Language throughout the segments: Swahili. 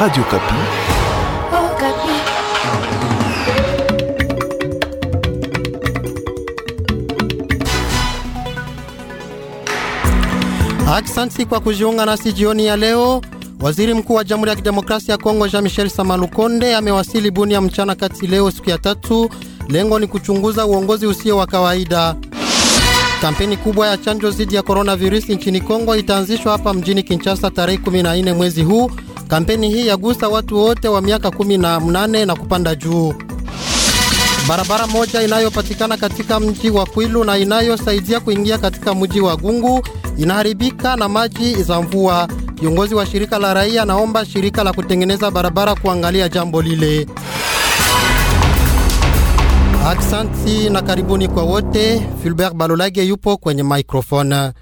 Radio Kapi. Oh, Kapi. Aksanti kwa kujiunga nasi jioni ya leo. Waziri Mkuu wa Jamhuri ya Kidemokrasia ya Kongo Jean-Michel Samalukonde amewasili Bunia mchana kati leo siku ya tatu. Lengo ni kuchunguza uongozi usio wa kawaida. Kampeni kubwa ya chanjo dhidi ya coronavirus nchini Kongo itaanzishwa hapa mjini Kinshasa tarehe 14 mwezi huu Kampeni hii yagusa watu wote wa miaka 18 na kupanda juu. Barabara moja inayopatikana katika mji wa Kwilu na inayosaidia kuingia katika mji wa Gungu inaharibika na maji za mvua. Kiongozi wa shirika la raia naomba shirika la kutengeneza barabara kuangalia jambo lile. Aksanti na karibuni kwa wote. Filbert Balolage yupo kwenye microphone.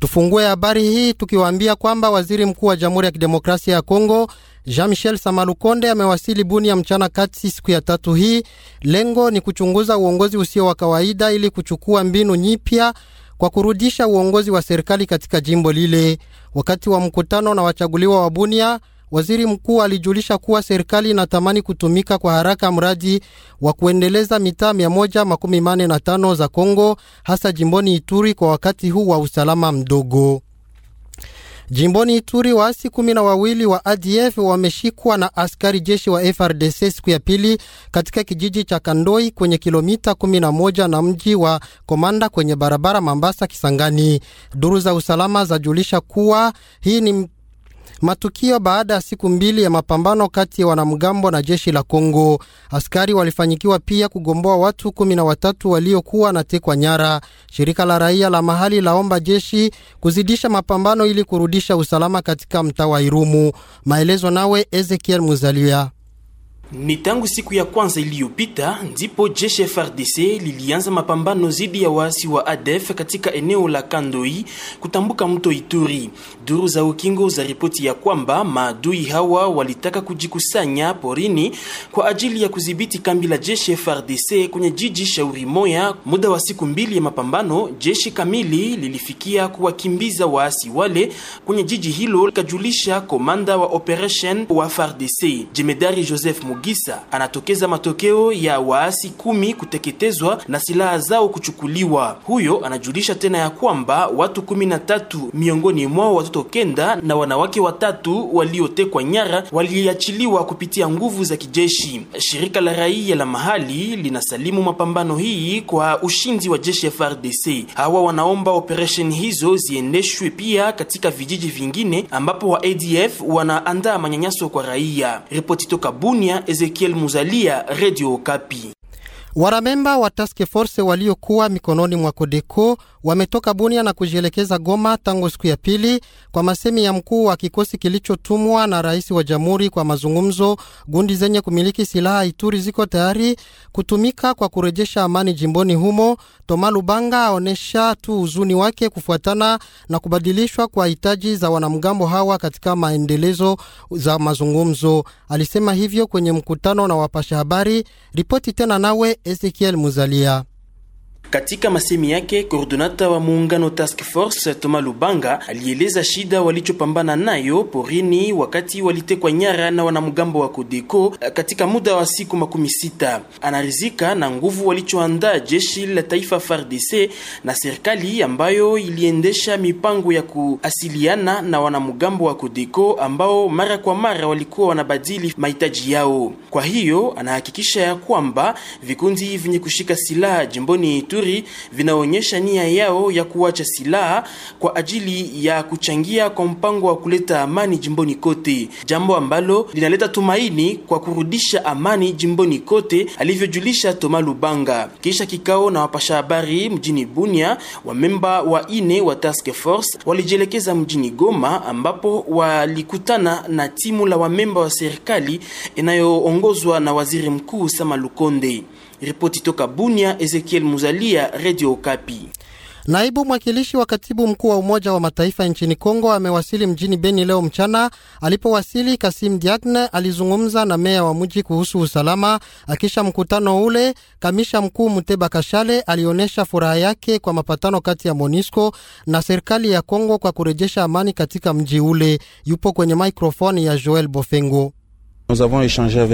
Tufungue habari hii tukiwaambia kwamba waziri mkuu wa Jamhuri ya Kidemokrasia ya Kongo Jean-Michel Samalukonde amewasili Bunia mchana kati siku ya tatu hii. Lengo ni kuchunguza uongozi usio wa kawaida ili kuchukua mbinu nyipya kwa kurudisha uongozi wa serikali katika jimbo lile. Wakati wa mkutano na wachaguliwa wa Bunia Waziri mkuu alijulisha kuwa serikali inatamani kutumika kwa haraka mradi wa kuendeleza mitaa tano za Kongo hasa jimboni Ituri kwa wakati huu wa usalama mdogo. Jimboni Ituri waasi kumi na wawili wa ADF wameshikwa na askari jeshi wa FRDC siku ya pili katika kijiji cha Kandoi kwenye kilomita 11 na mji wa Komanda kwenye barabara Mambasa Kisangani. Duru za usalama zajulisha kuwa hii ni Matukio baada ya siku mbili ya mapambano kati ya wanamgambo na jeshi la Kongo. Askari walifanyikiwa pia kugomboa watu kumi na watatu waliokuwa wanatekwa nyara. Shirika la raia la mahali laomba jeshi kuzidisha mapambano ili kurudisha usalama katika mtaa wa Irumu. Maelezo nawe Ezekiel Muzalia. Ni tangu siku ya kwanza iliyopita ndipo jeshi FARDC lilianza mapambano dhidi ya waasi wa ADF katika eneo la Kandoi kutambuka mto Ituri. Duru za ukingo za ripoti ya kwamba maadui hawa walitaka kujikusanya porini kwa ajili ya kudhibiti kambi la jeshi FARDC kwenye jiji Shauri Moya. Muda wa siku mbili ya mapambano, jeshi kamili lilifikia kuwakimbiza waasi wale kwenye jiji hilo, kajulisha komanda wa operation wa FARDC Jemedari Joseph Bugisa anatokeza matokeo ya waasi kumi kuteketezwa na silaha zao kuchukuliwa. Huyo anajulisha tena ya kwamba watu kumi na tatu miongoni mwao watoto kenda na wanawake watatu waliotekwa nyara waliachiliwa kupitia nguvu za kijeshi. Shirika la raia la mahali linasalimu mapambano hii kwa ushindi wa jeshi FRDC. Hawa wanaomba operesheni hizo ziendeshwe pia katika vijiji vingine ambapo wa ADF wanaandaa manyanyaso kwa raia. Ripoti toka Bunia, Ezekiel Muzalia, Radio Kapi. Wanamemba wa task force waliokuwa mikononi mwa Kodeko wametoka Bunia na kujielekeza Goma tangu siku ya pili, kwa masemi ya mkuu wa kikosi kilichotumwa na rais wa jamhuri kwa mazungumzo. Gundi zenye kumiliki silaha Ituri ziko tayari kutumika kwa kurejesha amani jimboni humo. Toma Lubanga aonesha tu huzuni wake kufuatana na kubadilishwa kwa hitaji za wanamgambo hawa katika maendelezo za mazungumzo. Alisema hivyo kwenye mkutano na wapasha habari. Ripoti tena nawe Ezekiel Muzalia. Katika masemi yake, koordinata wa muungano Task Force Toma Lubanga alieleza shida walichopambana nayo porini wakati walitekwa nyara na wanamgambo wa Kodeko eh, katika muda wa siku makumi sita. Anarizika na nguvu walichoandaa jeshi la taifa FARDC na serikali ambayo iliendesha mipango ya kuasiliana na wanamgambo wa Kodeko ambao mara kwa mara walikuwa wanabadili mahitaji yao. Kwa hiyo anahakikisha ya kwamba vikundi vyenye kushika silaha jimboni Ituri vinaonyesha nia yao ya kuacha silaha kwa ajili ya kuchangia kwa mpango wa kuleta amani jimboni kote, jambo ambalo linaleta tumaini kwa kurudisha amani jimboni kote, alivyojulisha Toma Lubanga kisha kikao na wapasha habari mjini Bunia. Wamemba wa ine wa task force walijielekeza mjini Goma ambapo walikutana na timu la wamemba wa serikali inayoongozwa na waziri mkuu Sama Lukonde. Ripoti toka Bunia, Ezekiel Muzalia, Radio Okapi. Naibu mwakilishi wa katibu mkuu wa Umoja wa Mataifa nchini Kongo amewasili mjini Beni leo mchana. Alipowasili, Kasim Diagne alizungumza na meya wa mji kuhusu usalama. Akisha mkutano ule, kamisha mkuu Muteba Kashale alionyesha furaha yake kwa mapatano kati ya MONISCO na serikali ya Kongo kwa kurejesha amani katika mji ule. Yupo kwenye mikrofoni ya Joel Bofengo.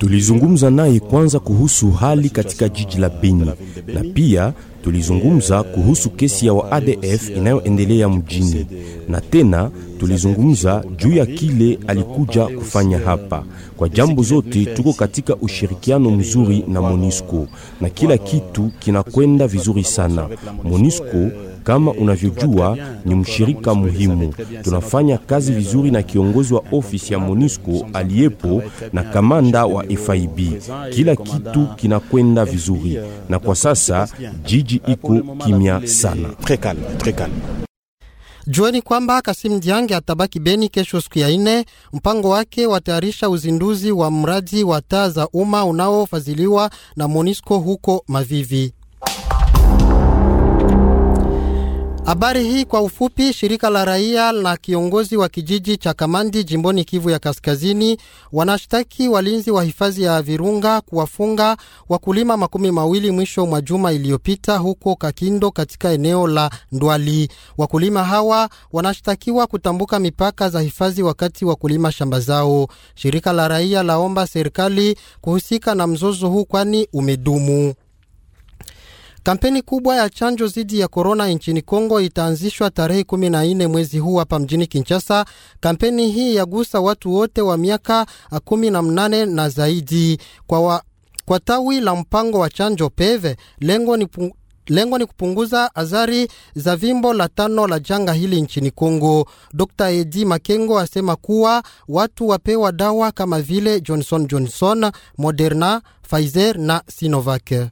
Tulizungumza naye kwanza kuhusu hali katika jiji la Beni na pia tulizungumza kuhusu kesi ya wa ADF inayoendelea mjini, na tena tulizungumza juu ya kile alikuja kufanya hapa. Kwa jambo zote, tuko katika ushirikiano mzuri na MONUSCO na kila kitu kinakwenda vizuri sana. MONUSCO kama unavyojua ni mshirika muhimu, tunafanya kazi vizuri na kiongozi wa ofisi ya MONUSCO aliyepo na kamanda wa FIB. Kila kitu kinakwenda vizuri, na kwa sasa jiji iko kimya sana. Jueni kwamba Kasim Diange atabaki Beni kesho siku ya ine. Mpango wake watayarisha uzinduzi wa mradi wa taa za umma unaofadhiliwa na MONISCO huko Mavivi. Habari hii kwa ufupi. Shirika la raia la kiongozi wa kijiji cha Kamandi jimboni Kivu ya Kaskazini wanashtaki walinzi wa hifadhi ya Virunga kuwafunga wakulima makumi mawili mwisho mwa juma iliyopita huko Kakindo katika eneo la Ndwali. Wakulima hawa wanashtakiwa kutambuka mipaka za hifadhi wakati wa kulima shamba zao. Shirika la raia laomba serikali kuhusika na mzozo huu kwani umedumu. Kampeni kubwa ya chanjo dhidi ya korona nchini Kongo itaanzishwa tarehe 14 mwezi huu hapa mjini Kinshasa. Kampeni hii yagusa watu wote wa miaka 18 na zaidi. Kwa, wa, kwa tawi la mpango wa chanjo peve, lengo ni lengo ni kupunguza athari za vimbo la tano la janga hili nchini Kongo. Dr Edi Makengo asema kuwa watu wapewa dawa kama vile Johnson Johnson, Moderna, Pfizer na Sinovac.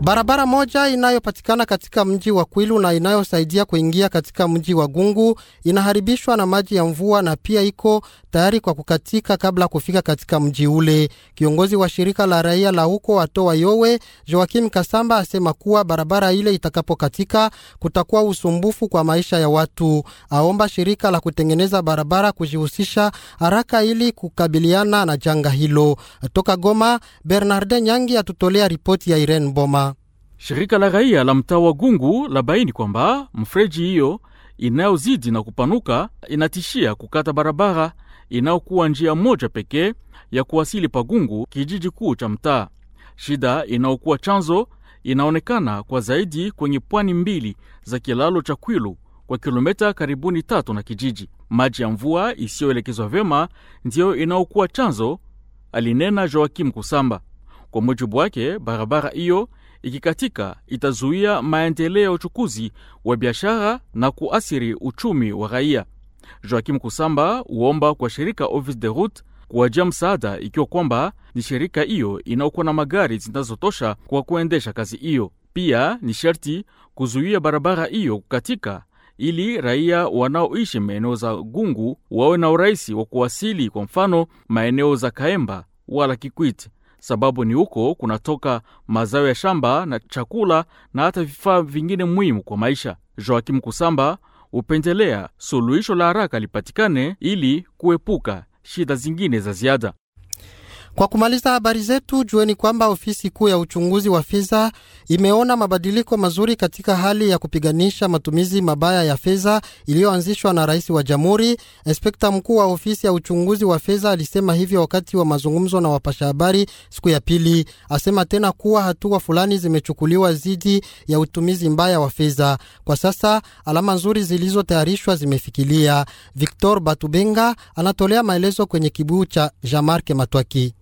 Barabara moja inayopatikana katika mji wa Kwilu na inayosaidia kuingia katika mji wa Gungu inaharibishwa na maji ya mvua na pia iko tayari kwa kukatika kabla kufika katika mji ule. Kiongozi wa shirika la raia la huko atoa yowe Joakim Kasamba asema kuwa barabara ile itakapokatika kutakuwa usumbufu kwa maisha ya watu. Aomba shirika la kutengeneza barabara kujihusisha haraka ili kukabiliana na janga hilo. Toka Goma, Bernarde Nyangi atutolea ripoti ya Irene Boma. Shirika la raia la mtaa wa Gungu la baini kwamba mfreji hiyo inayozidi na kupanuka inatishia kukata barabara inayokuwa njia moja pekee ya kuwasili Pagungu, kijiji kuu cha mtaa. Shida inayokuwa chanzo inaonekana kwa zaidi kwenye pwani mbili za kilalo cha Kwilu kwa kilometa karibuni tatu na kijiji. Maji ya mvua isiyoelekezwa vyema ndiyo inayokuwa chanzo, alinena Joakim Kusamba. Kwa mujibu wake, barabara hiyo ikikatika itazuia maendeleo ya uchukuzi wa biashara na kuathiri uchumi wa raia. Joakim Kusamba uomba kwa shirika Office de Route kuwajia msaada ikiwa kwamba ni shirika hiyo inaokuwa na magari zinazotosha kwa kuendesha kazi hiyo. Pia ni sharti kuzuia barabara hiyo kukatika ili raia wanaoishi maeneo za Gungu wawe na urahisi wa kuwasili, kwa mfano maeneo za Kaemba wala Kikwit, sababu ni huko kunatoka mazao ya shamba na chakula na hata vifaa vingine muhimu kwa maisha. Joakim Kusamba hupendelea suluhisho la haraka lipatikane ili kuepuka shida zingine za ziada. Kwa kumaliza habari zetu, jueni kwamba ofisi kuu ya uchunguzi wa fedha imeona mabadiliko mazuri katika hali ya kupiganisha matumizi mabaya ya fedha iliyoanzishwa na rais wa jamhuri. Inspekta mkuu wa ofisi ya uchunguzi wa fedha alisema hivyo wakati wa mazungumzo na wapasha habari siku ya pili. Asema tena kuwa hatua fulani zimechukuliwa dhidi ya utumizi mbaya wa fedha. Kwa sasa alama nzuri zilizotayarishwa zimefikilia. Victor Batubenga anatolea maelezo kwenye kibuu cha Jean-Marc Matwaki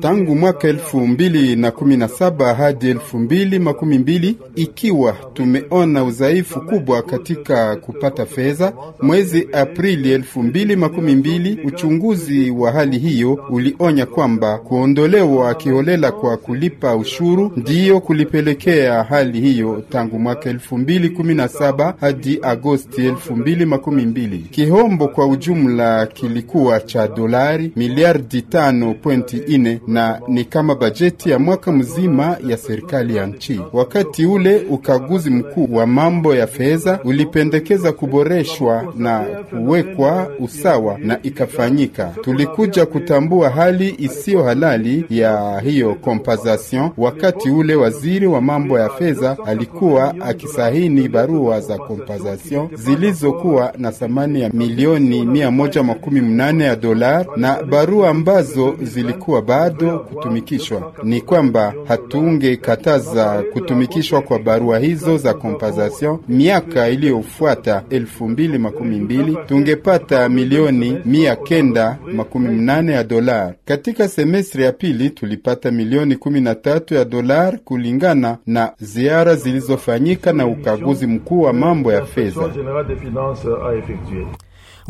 tangu mwaka elfu mbili na kumi na saba hadi elfu mbili makumi mbili ikiwa tumeona udhaifu kubwa katika kupata fedha. Mwezi Aprili elfu mbili makumi mbili uchunguzi wa hali hiyo ulionya kwamba kuondolewa kiholela kwa kulipa ushuru ndiyo kulipelekea hali hiyo tangu mwaka elfu mbili kumi na saba hadi Agosti elfu mbili makumi mbili. Kihombo kwa ujumla kilikuwa cha dolari dolari miliardi tano pointi ine na ni kama bajeti ya mwaka mzima ya serikali ya nchi. Wakati ule ukaguzi mkuu wa mambo ya fedha ulipendekeza kuboreshwa na kuwekwa usawa na ikafanyika. Tulikuja kutambua hali isiyo halali ya hiyo compensation. Wakati ule waziri wa mambo ya fedha alikuwa akisahini barua za compensation zilizokuwa na thamani ya milioni mia moja makumi mnane ya dola na na barua ambazo zilikuwa bado kutumikishwa. Ni kwamba hatungekataza kutumikishwa kwa barua hizo za compensation. Miaka iliyofuata elfu mbili makumi mbili tungepata milioni mia kenda makumi mnane ya dolar. Katika semestri ya pili tulipata milioni kumi na tatu ya dolar kulingana na ziara zilizofanyika na ukaguzi mkuu wa mambo ya fedha.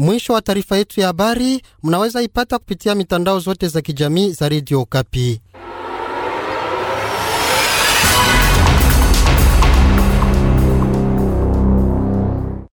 Mwisho wa taarifa yetu ya habari mnaweza ipata kupitia mitandao zote za kijamii za Radio Kapi.